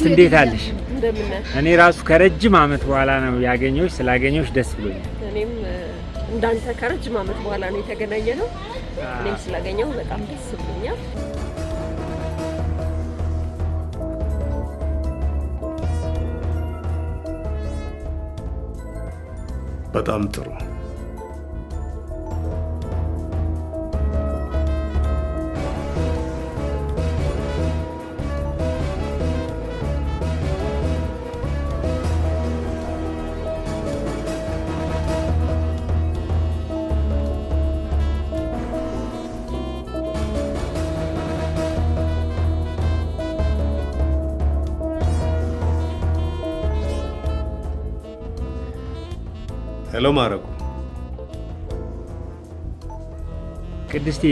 ቅድስት እንዴት አለሽ? እኔ ራሱ ከረጅም አመት በኋላ ነው ያገኘሁሽ። ስላገኘሁሽ ደስ ብሎኛል። እኔም እንዳንተ ከረጅም አመት በኋላ ነው የተገናኘ ነው። እኔም ስላገኘሁ በጣም ደስ ብሎኛል። በጣም ጥሩ ሄሎ ማድረጉ ቅድስቲ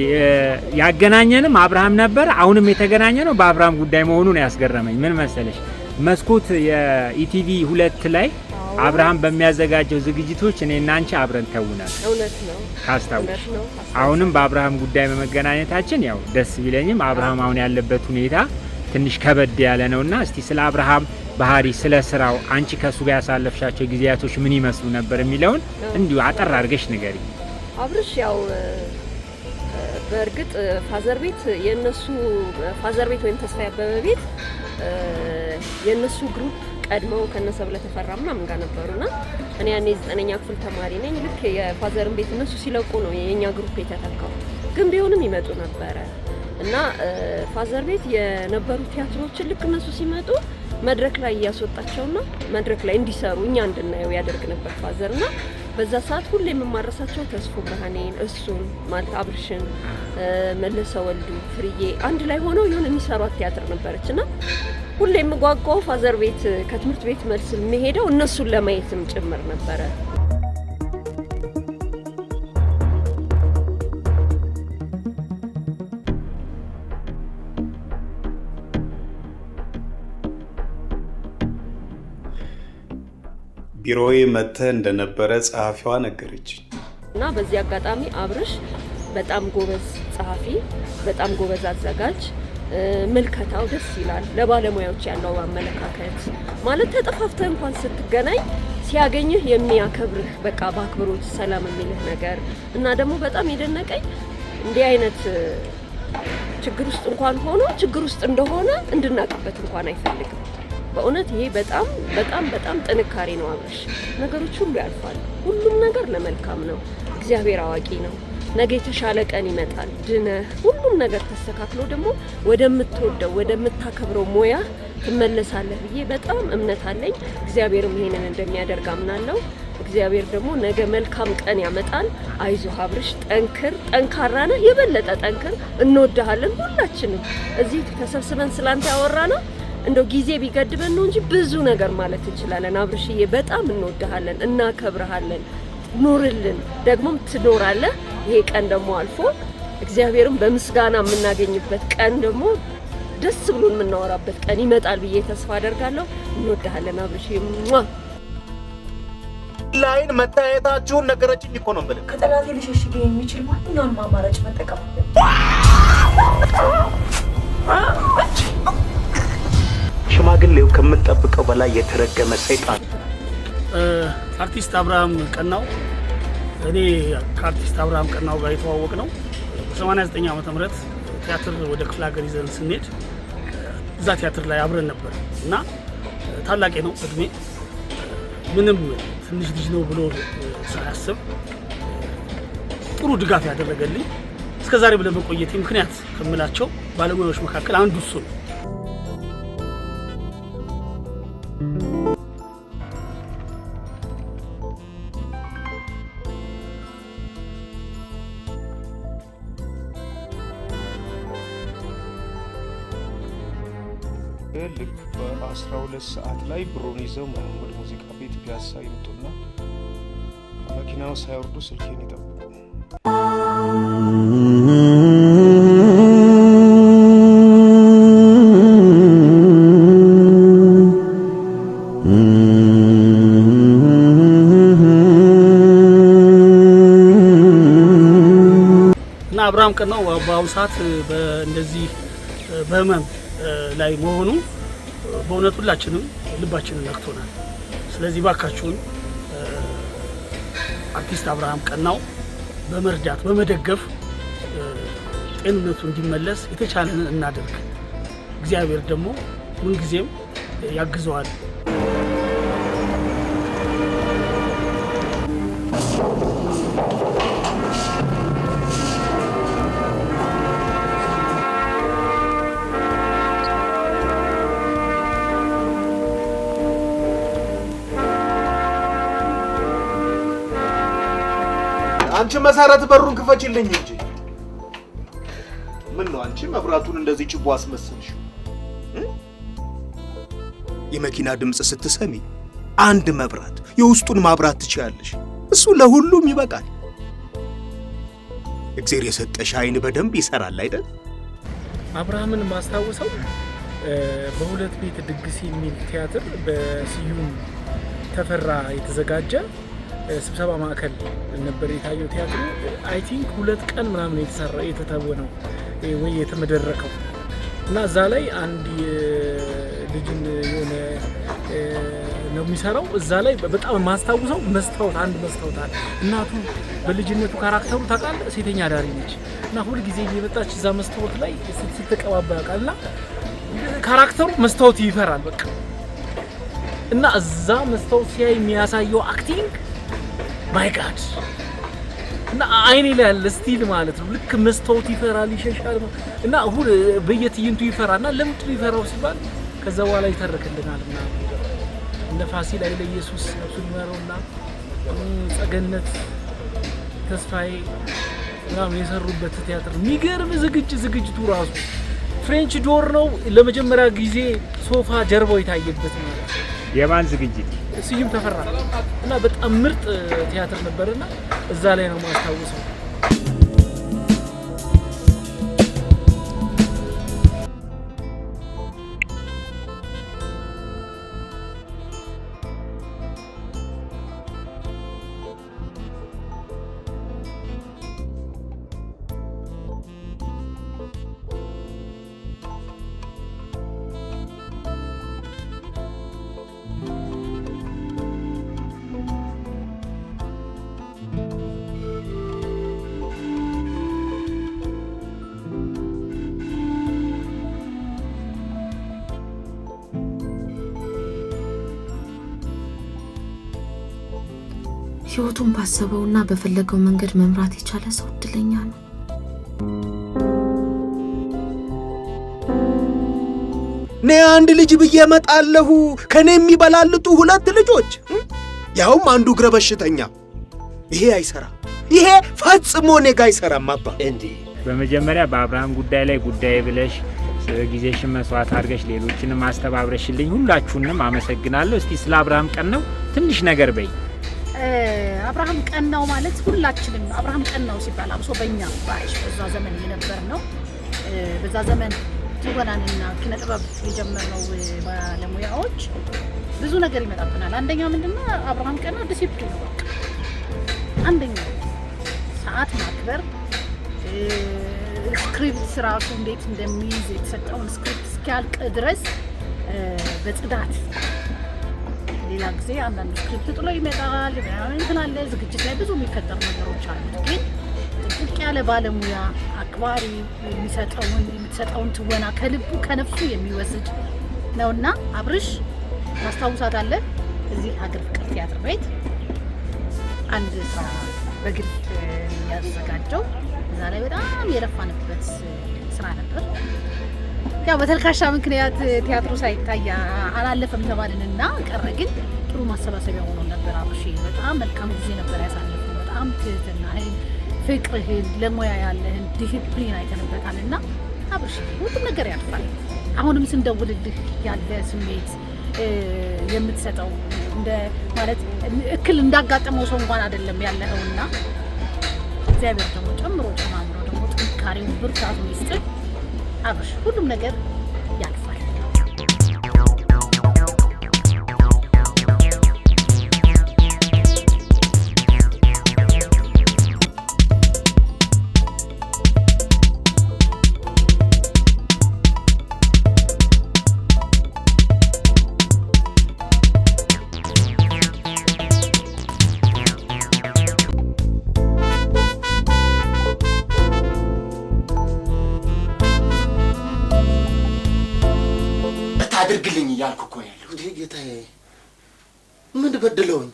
ያገናኘንም አብርሃም ነበር። አሁንም የተገናኘ ነው በአብርሃም ጉዳይ መሆኑ ነው ያስገረመኝ። ምን መሰለሽ መስኮት የኢቲቪ ሁለት ላይ አብርሃም በሚያዘጋጀው ዝግጅቶች እኔ እና አንቺ አብረን ተውናል። እውነት ነው ካስታውሽ። አሁንም በአብርሃም ጉዳይ በመገናኘታችን ያው ደስ ቢለኝም አብርሃም አሁን ያለበት ሁኔታ ትንሽ ከበድ ያለ ነውና እስቲ ስለ አብርሃም ባህሪ፣ ስለ ስራው፣ አንቺ ከሱ ጋር ያሳለፍሻቸው ጊዜያቶች ምን ይመስሉ ነበር የሚለውን እንዲሁ አጠር አድርገሽ ንገሪ። አብርሽ ያው በእርግጥ ፋዘር ቤት የነሱ ፋዘር ቤት ወይም ተስፋ ያበበ ቤት የነሱ ግሩፕ ቀድመው ከነሰብለ ተፈራ ምናምን ጋር ነበሩና እኔ ያኔ ዘጠነኛ ክፍል ተማሪ ነኝ። ልክ የፋዘርን ቤት እነሱ ሲለቁ ነው የኛ ግሩፕ የተተካው። ግን ቢሆንም ይመጡ ነበረ እና ፋዘር ቤት የነበሩ ቲያትሮችን ልክ እነሱ ሲመጡ መድረክ ላይ እያስወጣቸውና መድረክ ላይ እንዲሰሩ እኛ እንድናየው ያደርግ ነበር ፋዘር እና በዛ ሰዓት ሁሌ የምማረሳቸው ተስፎ ብርሃኔን፣ እሱን ማለት አብርሽን፣ መለሰ ወልዱ፣ ፍርዬ አንድ ላይ ሆነው የሆነ የሚሰሯት ቲያትር ነበረች እና ሁሌ የምጓጓው ፋዘር ቤት ከትምህርት ቤት መልስ የምሄደው እነሱን ለማየትም ጭምር ነበረ። ቢሮዬ መጥተህ እንደነበረ ጸሐፊዋ ነገረች እና በዚህ አጋጣሚ አብርሽ በጣም ጎበዝ ጸሐፊ፣ በጣም ጎበዝ አዘጋጅ፣ ምልከታው ደስ ይላል። ለባለሙያዎች ያለው አመለካከት ማለት ተጠፋፍተህ እንኳን ስትገናኝ ሲያገኝህ የሚያከብርህ በቃ በአክብሮት ሰላም የሚልህ ነገር እና ደግሞ በጣም የደነቀኝ እንዲህ አይነት ችግር ውስጥ እንኳን ሆኖ ችግር ውስጥ እንደሆነ እንድናውቅበት እንኳን አይፈልግም። በእውነት ይሄ በጣም በጣም በጣም ጥንካሬ ነው። አብርሽ ነገሮች ሁሉ ያልፋሉ። ሁሉም ነገር ለመልካም ነው። እግዚአብሔር አዋቂ ነው። ነገ የተሻለ ቀን ይመጣል። ድነህ ሁሉም ነገር ተስተካክሎ ደግሞ ወደምትወደው ወደምታከብረው ሙያ ትመለሳለህ ብዬ በጣም እምነት አለኝ። እግዚአብሔርም ይሄንን እንደሚያደርግ አምናለሁ። እግዚአብሔር ደግሞ ነገ መልካም ቀን ያመጣል። አይዞ አብርሽ፣ ጠንክር፣ ጠንካራ ነህ፣ የበለጠ ጠንክር። እንወድሃለን ሁላችንም እዚህ ተሰብስበን ስላንተ ያወራ ነው እንደው ጊዜ ቢገድበን ነው እንጂ ብዙ ነገር ማለት እንችላለን። አብርሽዬ በጣም እንወድሃለን፣ እናከብረሃለን። ኑርልን፣ ደግሞም ትኖራለህ። ይሄ ቀን ደግሞ አልፎ እግዚአብሔርም በምስጋና የምናገኝበት ቀን ደግሞ ደስ ብሎን የምናወራበት ቀን ይመጣል ብዬ ተስፋ አደርጋለሁ። እንወድሃለን አብርሽ። ላይን መታየታችሁን ነገረችኝ እኮ ነው የምልህ። ከጠላቴ ልሸሽግ የሚችል ማንኛውንም አማራጭ መጠቀም ሽማግሌው ከምጠብቀው በላይ የተረገመ ሰይጣን። አርቲስት አብርሃም ቀናው እኔ ከአርቲስት አብርሃም ቀናው ጋር የተዋወቅ ነው በ89 ዓመተ ምህረት ቲያትር ወደ ክፍለ ሀገር ይዘን ስንሄድ እዛ ቲያትር ላይ አብረን ነበር እና ታላቄ ነው እድሜ ምንም ትንሽ ልጅ ነው ብሎ ሳያስብ ጥሩ ድጋፍ ያደረገልኝ እስከዛሬ ብለመቆየቴ ምክንያት ከምላቸው ባለሙያዎች መካከል አንዱ እሱ ነው። ሁለት ሰዓት ላይ ብሮን ይዘው መሐመድ ሙዚቃ ቤት ፒያሳ ይምጡና ከመኪናው ሳይወርዱ ስልኬን ይጠብቁ። እና አብርሃም ቀን ነው በአሁኑ ሰዓት እንደዚህ በህመም ላይ መሆኑ በእውነት ሁላችንም ልባችንን ነክቶናል። ስለዚህ ባካችሁን አርቲስት አብርሃም ቀናው በመርዳት በመደገፍ ጤንነቱ እንዲመለስ የተቻለንን እናደርግ። እግዚአብሔር ደግሞ ምንጊዜም ያግዘዋል። አንቺ መሰረት በሩን ክፈችልኝ እንጂ ምን ነው አንቺ መብራቱን እንደዚህ ችቦ አስመስልሽ። የመኪና ድምፅ ስትሰሚ አንድ መብራት የውስጡን ማብራት ትችያለሽ። እሱ ለሁሉም ይበቃል። እግዜር የሰጠሽ አይን በደንብ ይሰራል አይደል? አብርሃምን ማስታወሰው በሁለት ቤት ድግስ የሚል ቲያትር በስዩም ተፈራ የተዘጋጀ ስብሰባ ማዕከል ነበር የታየው ቲያትሩ። አይ ቲንክ ሁለት ቀን ምናምን የተሰራ ነው ወይ የተመደረከው እና እዛ ላይ አንድ ልጅን የሆነ ነው የሚሰራው። እዛ ላይ በጣም የማስታውሰው መስታወት አንድ መስታወት አለ። እናቱ በልጅነቱ ካራክተሩ ታውቃለህ፣ ሴተኛ አዳሪ ነች እና ሁልጊዜ እየመጣች እዛ መስታወት ላይ ስትቀባባ ቃል እና ካራክተሩ መስታወት ይፈራል በቃ እና እዛ መስታወት ሲያይ የሚያሳየው አክቲንግ ማይ ጋድ እና አይኔ ላይ ያለ ስቲል ማለት ነው። ልክ መስታወት ይፈራል ይሸሻል፣ እና ሁሉ በየትዕይንቱ ይፈራና ለምንድን ይፈራው ሲባል ከዛ በኋላ ይተርክልናል። እና እነ ፋሲል አይለ ኢየሱስ ነብሱን ጸገነት ተስፋዬ ምናምን የሰሩበት ቲያትር የሚገርም ዝግጅ ዝግጅቱ ራሱ ፍሬንች ዶር ነው ለመጀመሪያ ጊዜ ሶፋ ጀርባው የታየበት ማለት የማን ዝግጅት ስዩም ተፈራ እና በጣም ምርጥ ቲያትር ነበርና እዛ ላይ ነው ማስታውሰው። ህይወቱን ባሰበውና በፈለገው መንገድ መምራት የቻለ ሰው እድለኛ ነው። እኔ አንድ ልጅ ብዬ እመጣለሁ። ከእኔ የሚበላልጡ ሁለት ልጆች፣ ያውም አንዱ እግረ በሽተኛ። ይሄ አይሰራ፣ ይሄ ፈጽሞ እኔ ጋ አይሰራም። አባ እንዲ በመጀመሪያ በአብርሃም ጉዳይ ላይ ጉዳይ ብለሽ ጊዜሽን መስዋዕት አድርገሽ ሌሎችንም አስተባብረሽልኝ ሁላችሁንም አመሰግናለሁ። እስቲ ስለ አብርሃም ቀን ነው ትንሽ ነገር በይ። አብርሃም ቀናው ማለት ሁላችንም አብርሃም ቀናው ሲባል አብሶ በእኛ ባይሽ በዛ ዘመን የነበር ነው። በዛ ዘመን ትወናንና ኪነጥበብ የጀመርነው ባለሙያዎች ብዙ ነገር ይመጣብናል። አንደኛ ምንድነው አብርሃም ቀናው ዲሲፕሊን ነው። አንደኛ ሰዓት ማክበር፣ ስክሪፕት ስራቱ እንዴት እንደሚይዝ የተሰጠውን ስክሪፕት እስኪያልቅ ድረስ በጽዳት ሌላ ጊዜ አንዳንዱ ስክሪፕት ጥሎ ይመጣል እንትን አለ። ዝግጅት ላይ ብዙ የሚፈጠሩ ነገሮች አሉት። ግን ጥቅጥቅ ያለ ባለሙያ አክባሪ የሚሰጠውን የምትሰጠውን ትወና ከልቡ ከነፍሱ የሚወስድ ነው እና አብርሽ ታስታውሳታለህ? እዚህ ሀገር ፍቅር ቲያትር ቤት አንድ ስራ በግል ያዘጋጀው እዛ ላይ በጣም የለፋንበት ስራ ነበር። ያው በተልካሻ ምክንያት ቲያትሩ ሳይታይ አላለፈም ተባልን እና ቀረ። ግን ጥሩ ማሰባሰቢያ ሆኖ ነበር። አብርሽ በጣም መልካም ጊዜ ነበር ያሳለፍነው። በጣም ትህትናህን፣ ፍቅርህን፣ ለሙያ ያለህን ዲሲፕሊን አይተንበታል እና አብሽ ሁሉም ነገር ያልፋል። አሁንም ስንደውልልህ ያለ ስሜት የምትሰጠው እንደ ማለት እክል እንዳጋጠመው ሰው እንኳን አይደለም ያለኸውና እግዚአብሔር ደግሞ ጨምሮ ጨማምሮ ደግሞ ጥንካሬው ብርታቱን ይስጥህ። አብርሽ ሁሉም ነገር አድርግልኝ እያልኩ እኮ ያለሁ። እንዴ ጌታዬ፣ ምን በድለውኝ?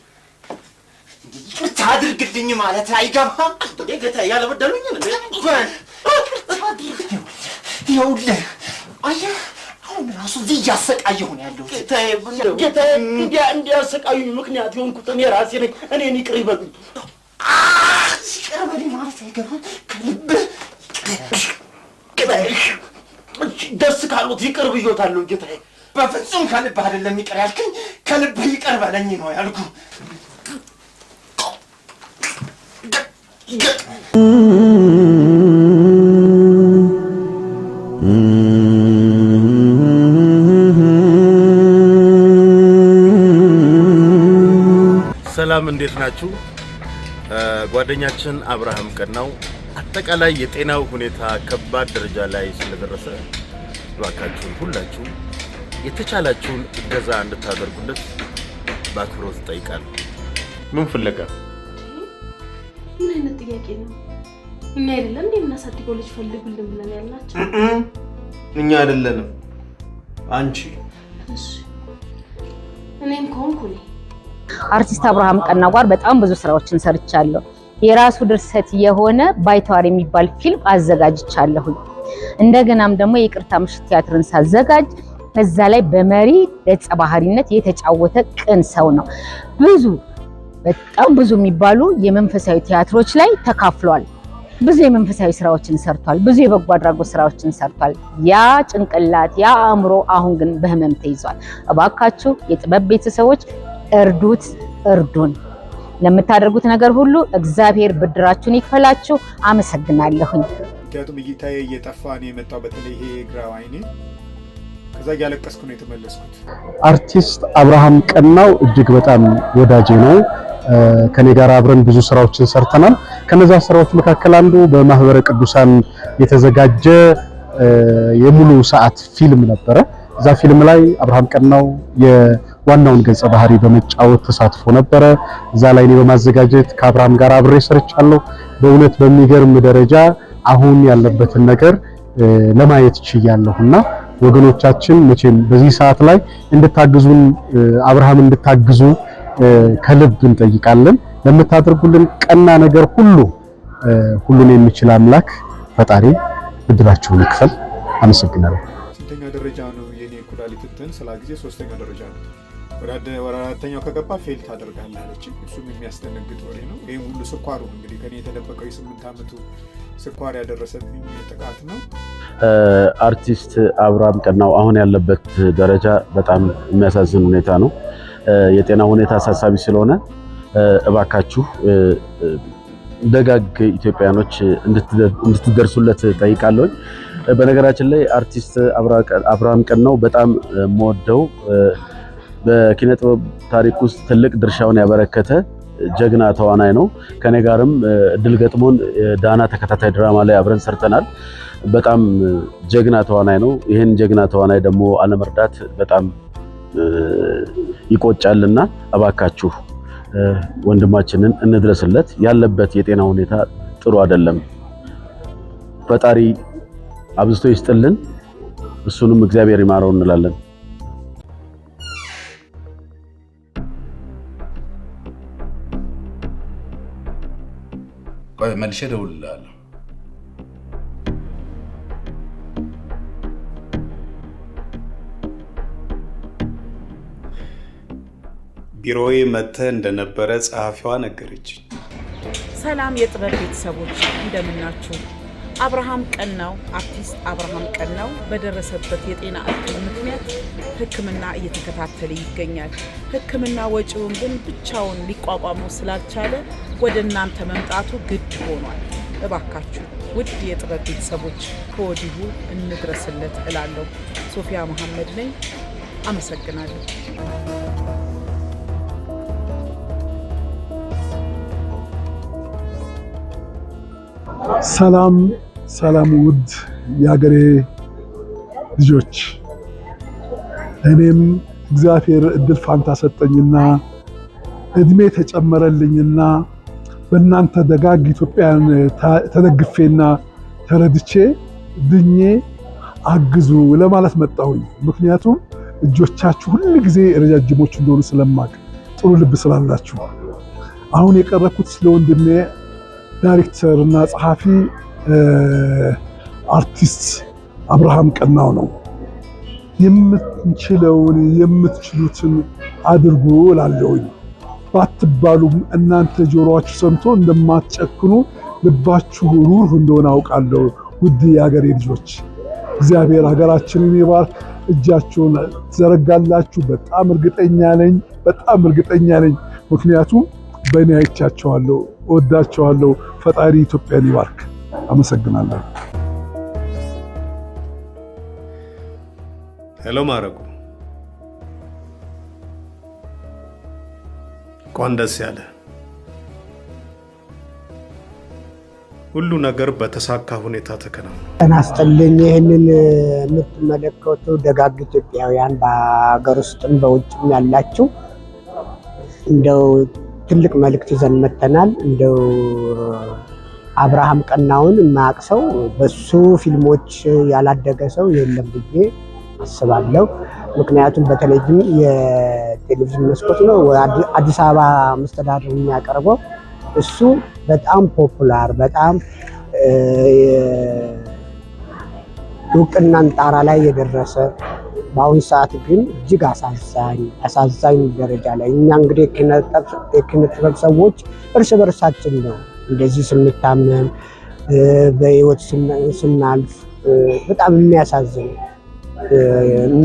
ይቅርታ አድርግልኝ ማለት አይገባም እንዴ ጌታዬ? ያለበደሉኝ እንዴ? ይኸውልህ፣ አየህ አሁን ራሱ እዚህ ነው ያለሁት ጌታዬ። ጌታዬ፣ እንዲያ እንዲያሰቃዩኝ ምክንያት የሆንኩት እኔ ራሴ ነኝ። እኔን ይቅር ይበሉኝ። ይቅር በሉኝ ማለት አይገባም። ከልብህ ደስ ካሉት ይቅር ብዮታለሁ ጌታዬ። በፍጹም ከልብ አይደለም ይቅር ያልከኝ፣ ከልብ ይቅር በለኝ ነው ያልኩ። ሰላም እንዴት ናችሁ? ጓደኛችን አብርሃም ቀናው አጠቃላይ የጤናው ሁኔታ ከባድ ደረጃ ላይ ስለደረሰ እባካችሁን ሁላችሁ የተቻላችሁን እገዛ እንድታደርጉለት በአክብሮት እጠይቃለሁ። ምን ፍለጋ? ምን አይነት ጥያቄ ነው? እኛ አይደለም እንዴ የምናሳድገው ልጅ ፈልጉልን ብለን ያላቸው እኛ አይደለንም አንቺ። እኔም ከሆንኩ እኔ አርቲስት አብርሃም ቀናጓር በጣም ብዙ ስራዎችን ሰርቻለሁ። የራሱ ድርሰት የሆነ ባይተዋር የሚባል ፊልም አዘጋጅቻለሁኝ። እንደገናም ደግሞ የይቅርታ ምሽት ቲያትርን ሳዘጋጅ በዛ ላይ በመሪ ገጸ ባህሪነት የተጫወተ ቅን ሰው ነው። ብዙ በጣም ብዙ የሚባሉ የመንፈሳዊ ቲያትሮች ላይ ተካፍሏል። ብዙ የመንፈሳዊ ስራዎችን ሰርቷል። ብዙ የበጎ አድራጎት ስራዎችን ሰርቷል። ያ ጭንቅላት ያ አእምሮ አሁን ግን በህመም ተይዟል። እባካችሁ የጥበብ ቤተሰቦች እርዱት፣ እርዱን። ለምታደርጉት ነገር ሁሉ እግዚአብሔር ብድራችሁን ይክፈላችሁ። አመሰግናለሁኝ። ምክንያቱም እይታዬ እየጠፋ ነው የመጣው በተለይ ይሄ ግራ አይኔ ከዛ እያለቀስኩ ነው የተመለስኩት። አርቲስት አብርሃም ቀናው እጅግ በጣም ወዳጄ ነው። ከኔ ጋር አብረን ብዙ ስራዎችን ሰርተናል። ከነዛ ስራዎች መካከል አንዱ በማህበረ ቅዱሳን የተዘጋጀ የሙሉ ሰዓት ፊልም ነበረ። እዛ ፊልም ላይ አብርሃም ቀናው የዋናውን ገጸ ባህሪ በመጫወት ተሳትፎ ነበረ። እዛ ላይ እኔ በማዘጋጀት ከአብርሃም ጋር አብሬ ሰርቻለሁ። በእውነት በሚገርም ደረጃ አሁን ያለበትን ነገር ለማየት ችያለሁና ወገኖቻችን መቼም በዚህ ሰዓት ላይ እንድታግዙን አብርሃም እንድታግዙ ከልብ እንጠይቃለን። ለምታደርጉልን ቀና ነገር ሁሉ ሁሉን የሚችል አምላክ ፈጣሪ ብድራችሁን ይክፈል። አመሰግናለሁ። ስንተኛ ደረጃ ነው የኔ ኩላሊት እንትን ስላ ጊዜ ሶስተኛ ደረጃ ነው። ወደ አራተኛው ከገባ ፌል ታደርጋለህ አለች። እሱም የሚያስደነግጥ ወሬ ነው። ይህም ሁሉ ስኳሩ እንግዲህ ከኔ የተደበቀው የስምንት ዓመቱ ስኳር ያደረሰብኝ ጥቃት ነው። አርቲስት አብርሃም ቀናው አሁን ያለበት ደረጃ በጣም የሚያሳዝን ሁኔታ ነው። የጤና ሁኔታ አሳሳቢ ስለሆነ እባካችሁ ደጋግ ኢትዮጵያኖች እንድትደርሱለት ጠይቃለሁኝ። በነገራችን ላይ አርቲስት አብርሃም ቀናው በጣም የምወደው በኪነ ጥበብ ታሪክ ውስጥ ትልቅ ድርሻውን ያበረከተ ጀግና ተዋናይ ነው። ከኔ ጋርም እድል ገጥሞን ዳና ተከታታይ ድራማ ላይ አብረን ሰርተናል። በጣም ጀግና ተዋናይ ነው። ይህን ጀግና ተዋናይ ደግሞ አለመርዳት በጣም ይቆጫልና እባካችሁ ወንድማችንን እንድረስለት። ያለበት የጤና ሁኔታ ጥሩ አይደለም። ፈጣሪ አብዝቶ ይስጥልን፣ እሱንም እግዚአብሔር ይማረው እንላለን። ቆይ መልሼ እደውልልሃለሁ። ቢሮዬ መጥተህ እንደነበረ ጸሐፊዋ ነገረች ሰላም የጥበብ ቤተሰቦች እንደምናችሁ። አብርሃም ቀናው አርቲስት አብርሃም ቀናው በደረሰበት የጤና እክል ምክንያት ሕክምና እየተከታተለ ይገኛል። ሕክምና ወጪውን ግን ብቻውን ሊቋቋመው ስላልቻለ ወደ እናንተ መምጣቱ ግድ ሆኗል። እባካችሁ ውድ የጥበብ ቤተሰቦች ከወዲሁ እንድረስለት እላለሁ። ሶፊያ መሐመድ ነኝ። አመሰግናለሁ። ሰላም ሰላም፣ ውድ የሀገሬ ልጆች፣ እኔም እግዚአብሔር እድል ፋንታ ሰጠኝና እድሜ ተጨመረልኝና በእናንተ ደጋግ ኢትዮጵያን ተደግፌና ተረድቼ ድኜ አግዙ ለማለት መጣሁኝ። ምክንያቱም እጆቻችሁ ሁል ጊዜ ረጃጅሞች እንደሆኑ ስለማቅ ጥሩ ልብ ስላላችሁ። አሁን የቀረብኩት ስለ ወንድሜ ዳይሬክተር እና ጸሐፊ አርቲስት አብርሃም ቀናው ነው። የምንችለውን የምትችሉትን አድርጉ እላለሁኝ። አትባሉም። እናንተ ጆሮአችሁ ሰምቶ እንደማትጨክኑ ልባችሁ ሩህ እንደሆነ አውቃለሁ። ውድ የሀገሬ ልጆች እግዚአብሔር ሀገራችንን ይባርክ። እጃችሁን ትዘረጋላችሁ። በጣም እርግጠኛ ነኝ፣ በጣም እርግጠኛ ነኝ። ምክንያቱም በእኔ አይቻቸዋለሁ። እወዳቸዋለሁ። ፈጣሪ ኢትዮጵያን ይባርክ። አመሰግናለሁ። ሄሎ ማረጉ እንኳን ደስ ያለ። ሁሉ ነገር በተሳካ ሁኔታ ተከናውኗል። ጤና ይስጥልኝ። ይህንን የምትመለከቱ ደጋግ ኢትዮጵያውያን በሀገር ውስጥም በውጭም ያላችሁ እንደው ትልቅ መልእክት ይዘን መተናል። እንደው አብርሃም ቀናውን የማያውቅ ሰው በሱ ፊልሞች ያላደገ ሰው የለም ብዬ አስባለሁ። ምክንያቱም በተለይም የቴሌቪዥን መስኮት ነው አዲስ አበባ መስተዳድር የሚያቀርበው። እሱ በጣም ፖፑላር በጣም እውቅናን ጣራ ላይ የደረሰ በአሁኑ ሰዓት ግን እጅግ አሳዛኝ አሳዛኝ ደረጃ ላይ እኛ እንግዲህ የኪነ ጥበብ ሰዎች እርስ በርሳችን ነው እንደዚህ ስንታመም በህይወት ስናልፍ በጣም የሚያሳዝነው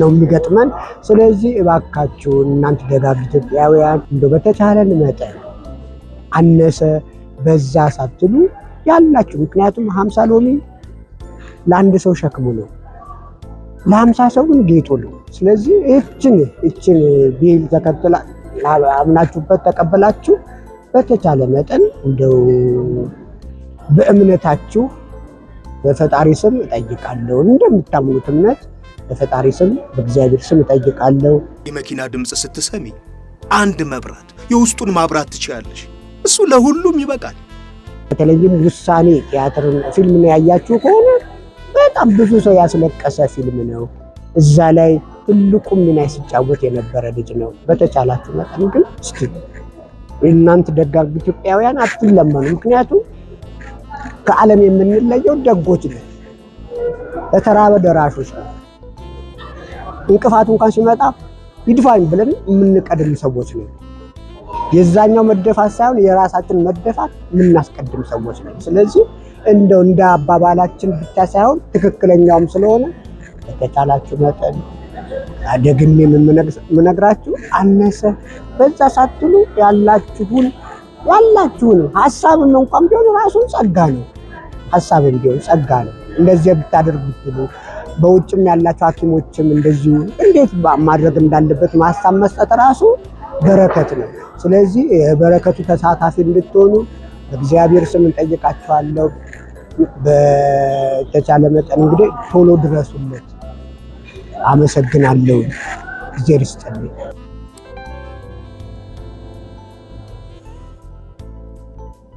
ነው የሚገጥመን። ስለዚህ እባካችሁ እናንተ ደጋግ ኢትዮጵያውያን እንደ በተቻለን መጠን አነሰ በዛ ሳትሉ ያላችሁ፣ ምክንያቱም ሀምሳ ሎሚ ለአንድ ሰው ሸክሙ ነው፣ ለሀምሳ ሰው ግን ጌጡ ነው። ስለዚህ እችን እችን ቢል ተከትላ አምናችሁበት ተቀበላችሁ በተቻለ መጠን እንደው በእምነታችሁ በፈጣሪ ስም እጠይቃለሁ እንደምታምኑት እምነት በፈጣሪ ስም በእግዚአብሔር ስም እጠይቃለሁ። የመኪና ድምፅ ስትሰሚ አንድ መብራት የውስጡን ማብራት ትችላለሽ። እሱ ለሁሉም ይበቃል። በተለይም ውሳኔ ቲያትርን ፊልም ያያችሁ ከሆነ በጣም ብዙ ሰው ያስለቀሰ ፊልም ነው። እዛ ላይ ትልቁ ሚና ሲጫወት የነበረ ልጅ ነው። በተቻላችሁ መጠን ግን እስኪ እናንት ደጋግ ኢትዮጵያውያን አትለመኑ። ምክንያቱም ከዓለም የምንለየው ደጎች ነው፣ ለተራበ ደራሾች ነው። እንቅፋት እንኳን ሲመጣ ይድፋኝ ብለን የምንቀድም ሰዎች ነው። የዛኛው መደፋት ሳይሆን የራሳችን መደፋት የምናስቀድም ሰዎች ነው። ስለዚህ እንደው እንደ አባባላችን ብቻ ሳይሆን ትክክለኛውም ስለሆነ በተቻላችሁ መጠን ደግሜ የምነግራችሁ አነሰ በዛ ሳትሉ ያላችሁን ያላችሁን ሀሳብም እንኳን ቢሆን ራሱን ጸጋ ነው። ሀሳብም ቢሆን ጸጋ ነው። እንደዚህ ብታደርጉት በውጭም ያላቸው ሐኪሞችም እንደዚሁ እንዴት ማድረግ እንዳለበት ማሳብ መስጠት ራሱ በረከት ነው። ስለዚህ የበረከቱ ተሳታፊ እንድትሆኑ በእግዚአብሔር ስም እንጠይቃቸዋለሁ። በተቻለ መጠን እንግዲህ ቶሎ ድረሱለት። አመሰግናለሁ። ጊዜ ርስጠልኝ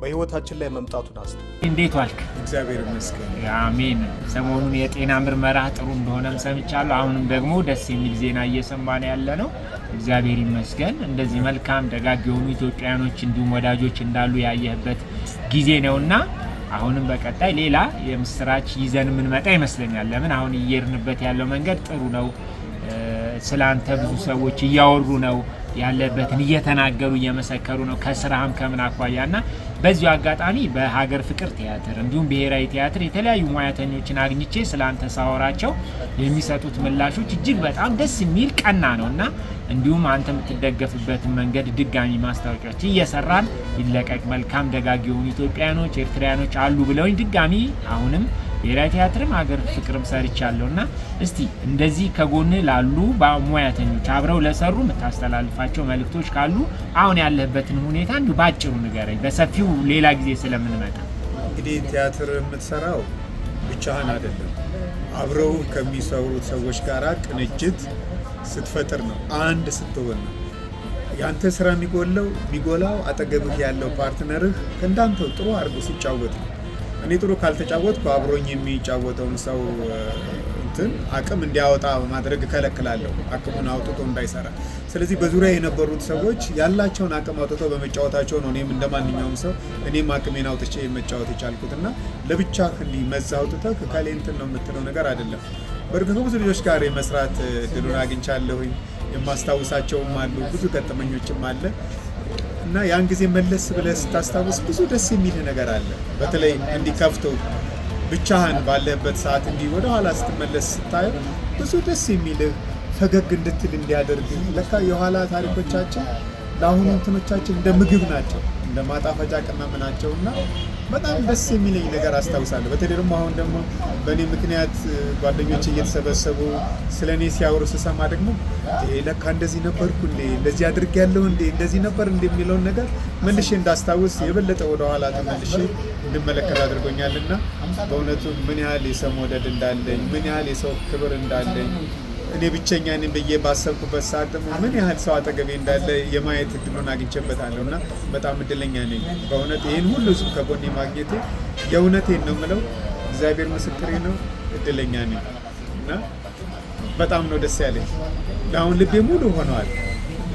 በህይወታችን ላይ መምጣቱን አስተ እንዴት ዋልክ? እግዚአብሔር ይመስገን። አሜን። ሰሞኑን የጤና ምርመራ ጥሩ እንደሆነም ሰምቻለሁ። አሁንም ደግሞ ደስ የሚል ዜና እየሰማን ያለ ነው። እግዚአብሔር ይመስገን። እንደዚህ መልካም ደጋግ የሆኑ ኢትዮጵያውያኖች እንዲሁም ወዳጆች እንዳሉ ያየህበት ጊዜ ነውና አሁንም በቀጣይ ሌላ የምስራች ይዘን የምንመጣ ይመስለኛል። ለምን አሁን እየሄድንበት ያለው መንገድ ጥሩ ነው። ስለ አንተ ብዙ ሰዎች እያወሩ ነው። ያለበትን እየተናገሩ እየመሰከሩ ነው ከስራም ከምን አኳያ ና በዚሁ አጋጣሚ በሀገር ፍቅር ቲያትር እንዲሁም ብሔራዊ ቲያትር የተለያዩ ሙያተኞችን አግኝቼ ስለ አንተ ሳወራቸው የሚሰጡት ምላሾች እጅግ በጣም ደስ የሚል ቀና ነው እና እንዲሁም አንተ የምትደገፍበትን መንገድ ድጋሚ ማስታወቂያዎች እየሰራን ይለቀቅ መልካም ደጋግ የሆኑ ኢትዮጵያኖች ኤርትራያኖች አሉ ብለውኝ ድጋሚ አሁንም ብሔራዊ ቲያትርም ሀገር ፍቅርም ሰርቻለሁ እና እስቲ እንደዚህ ከጎን ላሉ ሙያተኞች አብረው ለሰሩ የምታስተላልፋቸው መልእክቶች ካሉ አሁን ያለህበትን ሁኔታ እንዲሁ ባጭሩ ንገረኝ፣ በሰፊው ሌላ ጊዜ ስለምንመጣ። እንግዲህ ቲያትር የምትሰራው ብቻህን አይደለም፣ አብረው ከሚሰሩት ሰዎች ጋር ቅንጅት ስትፈጥር ነው፣ አንድ ስትሆን ነው። ያንተ ስራ የሚጎለው የሚጎላው አጠገብህ ያለው ፓርትነርህ ከእንዳንተው ጥሩ አድርጎ ሲጫወት ነው። እኔ ጥሩ ካልተጫወትኩ አብሮኝ የሚጫወተውን ሰው እንትን አቅም እንዲያወጣ ማድረግ እከለክላለሁ፣ አቅሙን አውጥቶ እንዳይሰራ። ስለዚህ በዙሪያ የነበሩት ሰዎች ያላቸውን አቅም አውጥቶ በመጫወታቸው ነው እኔም እንደ ማንኛውም ሰው እኔም አቅሜን አውጥቼ መጫወት የቻልኩት እና ለብቻ እንዲህ መዛ አውጥተ ከካሌ እንትን ነው የምትለው ነገር አይደለም። በእርግጥ ብዙ ልጆች ጋር የመስራት ድሉን አግኝቻለሁኝ። የማስታውሳቸውም አሉ፣ ብዙ ገጠመኞችም አለ። እና ያን ጊዜ መለስ ብለህ ስታስታውስ ብዙ ደስ የሚል ነገር አለ። በተለይ እንዲከፍተው ብቻህን ባለህበት ሰዓት እንዲህ ወደ ኋላ ስትመለስ ስታየው ብዙ ደስ የሚልህ ፈገግ እንድትል እንዲያደርግ ለካ የኋላ ታሪኮቻችን ለአሁኑ እንትኖቻችን እንደ ምግብ ናቸው። እንደ ማጣፈጫ ቅመም ናቸው እና በጣም ደስ የሚለኝ ነገር አስታውሳለሁ። በተለይ ደግሞ አሁን ደግሞ በእኔ ምክንያት ጓደኞች እየተሰበሰቡ ስለ እኔ ሲያወሩ ስሰማ ደግሞ ለካ እንደዚህ ነበርኩ እንዴ እንደዚህ አድርግ ያለው እንዴ እንደዚህ ነበር እንደሚለውን ነገር መልሼ እንዳስታውስ የበለጠ ወደኋላ ተመልሼ እንድመለከት አድርጎኛል እና በእውነቱ ምን ያህል የሰው መውደድ እንዳለኝ ምን ያህል የሰው ክብር እንዳለኝ እኔ ብቸኛ ነኝ ብዬ ባሰብኩበት ሰዓት ደግሞ ምን ያህል ሰው አጠገቤ እንዳለ የማየት እድሉን አግኝቼበታለሁ እና በጣም እድለኛ ነኝ በእውነት ይህን ሁሉ ህዝብ ከጎኔ ማግኘቴ የእውነቴን ነው የምለው። እግዚአብሔር ምስክሬ ነው። እድለኛ ነኝ እና በጣም ነው ደስ ያለኝ። አሁን ልቤ ሙሉ ሆነዋል።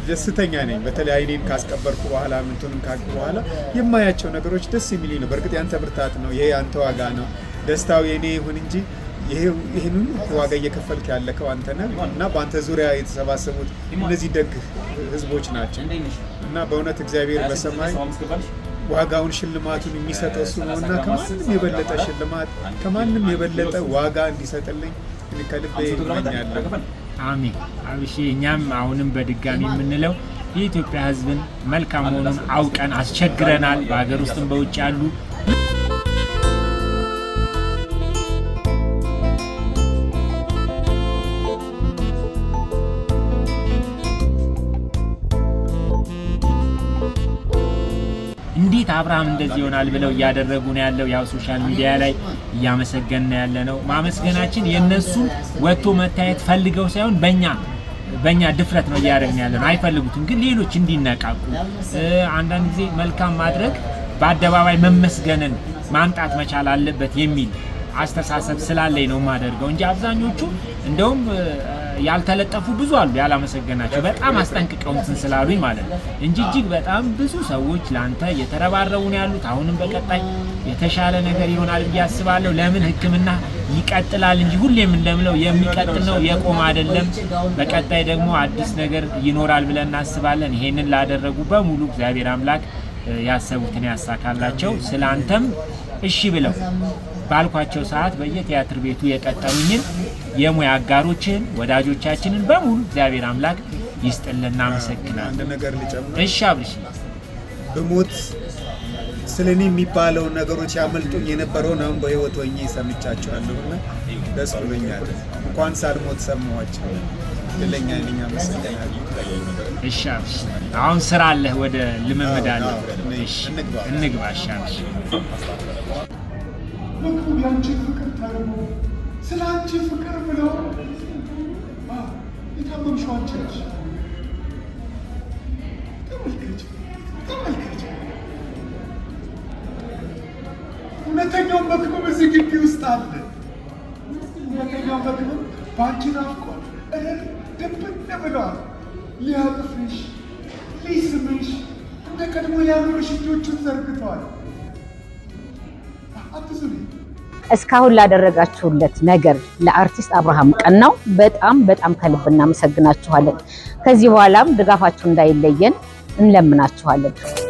ደስተኛ ነኝ። በተለይ አይኔን ካስቀበርኩ በኋላ ምንቱንም ካቅ በኋላ የማያቸው ነገሮች ደስ የሚል ነው። በእርግጥ ያንተ ብርታት ነው፣ ይሄ ያንተ ዋጋ ነው። ደስታው የእኔ ይሁን እንጂ ይህን ዋጋ እየከፈልክ ያለከው አንተ ነህ እና በአንተ ዙሪያ የተሰባሰቡት እነዚህ ደግ ህዝቦች ናቸው እና በእውነት እግዚአብሔር በሰማይ ዋጋውን ሽልማቱን የሚሰጠው እሱ ነው እና ከማንም የበለጠ ሽልማት ከማንም የበለጠ ዋጋ እንዲሰጥልኝ ከልቤ ይመኛለሁ። አሜን። አብሽ እኛም አሁንም በድጋሚ የምንለው የኢትዮጵያ ህዝብን መልካም መሆኑን አውቀን አስቸግረናል። በሀገር ውስጥም በውጭ ያሉ አብርሃም እንደዚህ ይሆናል ብለው እያደረጉ ነው ያለው። ያው ሶሻል ሚዲያ ላይ እያመሰገን ነው ያለ ነው። ማመስገናችን የእነሱ ወጥቶ መታየት ፈልገው ሳይሆን በእኛ በእኛ ድፍረት ነው እያደረግን ያለ ነው። አይፈልጉትም፣ ግን ሌሎች እንዲነቃቁ አንዳንድ ጊዜ መልካም ማድረግ በአደባባይ መመስገንን ማምጣት መቻል አለበት የሚል አስተሳሰብ ስላለኝ ነው የማደርገው እንጂ አብዛኞቹ እንደውም ያልተለጠፉ ብዙ አሉ ያላመሰገናቸው በጣም አስጠንቅቀው እንትን ስላሉኝ ማለት ነው እንጂ እጅግ በጣም ብዙ ሰዎች ለአንተ እየተረባረቡ ነው ያሉት። አሁንም በቀጣይ የተሻለ ነገር ይሆናል ብዬ አስባለሁ። ለምን ህክምና ይቀጥላል እንጂ ሁሌም እንደምለው የሚቀጥል ነው የቆመ አይደለም። በቀጣይ ደግሞ አዲስ ነገር ይኖራል ብለን እናስባለን። ይሄንን ላደረጉ በሙሉ እግዚአብሔር አምላክ ያሰቡትን ያሳካላቸው። ስለ አንተም እሺ ብለው ባልኳቸው ሰዓት በየቲያትር ቤቱ የቀጠሩኝን የሙያ አጋሮችን ወዳጆቻችንን በሙሉ እግዚአብሔር አምላክ ይስጥልን። እናመሰግናለን። አንድ ነገር ልጨምር። እሺ አብርሽ፣ ብሞት ስለ እኔ የሚባለው ነገሮች ያመልጡኝ የነበረውን አሁን በህይወት ወኝ ሰምቻቸዋለሁ እና ደስ ብሎኛል። እንኳን ሳልሞት ሰማኋቸው። ድለኛ ነኝ። አመሰግናለሁ። እሺ አብርሽ፣ አሁን ስራ አለህ፣ ወደ ልምምድ አለህ። እንግባ። እሺ አብርሽ ያንቺን ፍቅር ተርቦ ስለ አንቺ ፍቅር ብለው የታመምሽው አንቺ ነሽ። እስካሁን ላደረጋችሁለት ነገር ለአርቲስት አብርሃም ቀናው በጣም በጣም ከልብ እናመሰግናችኋለን። ከዚህ በኋላም ድጋፋችሁ እንዳይለየን እንለምናችኋለን።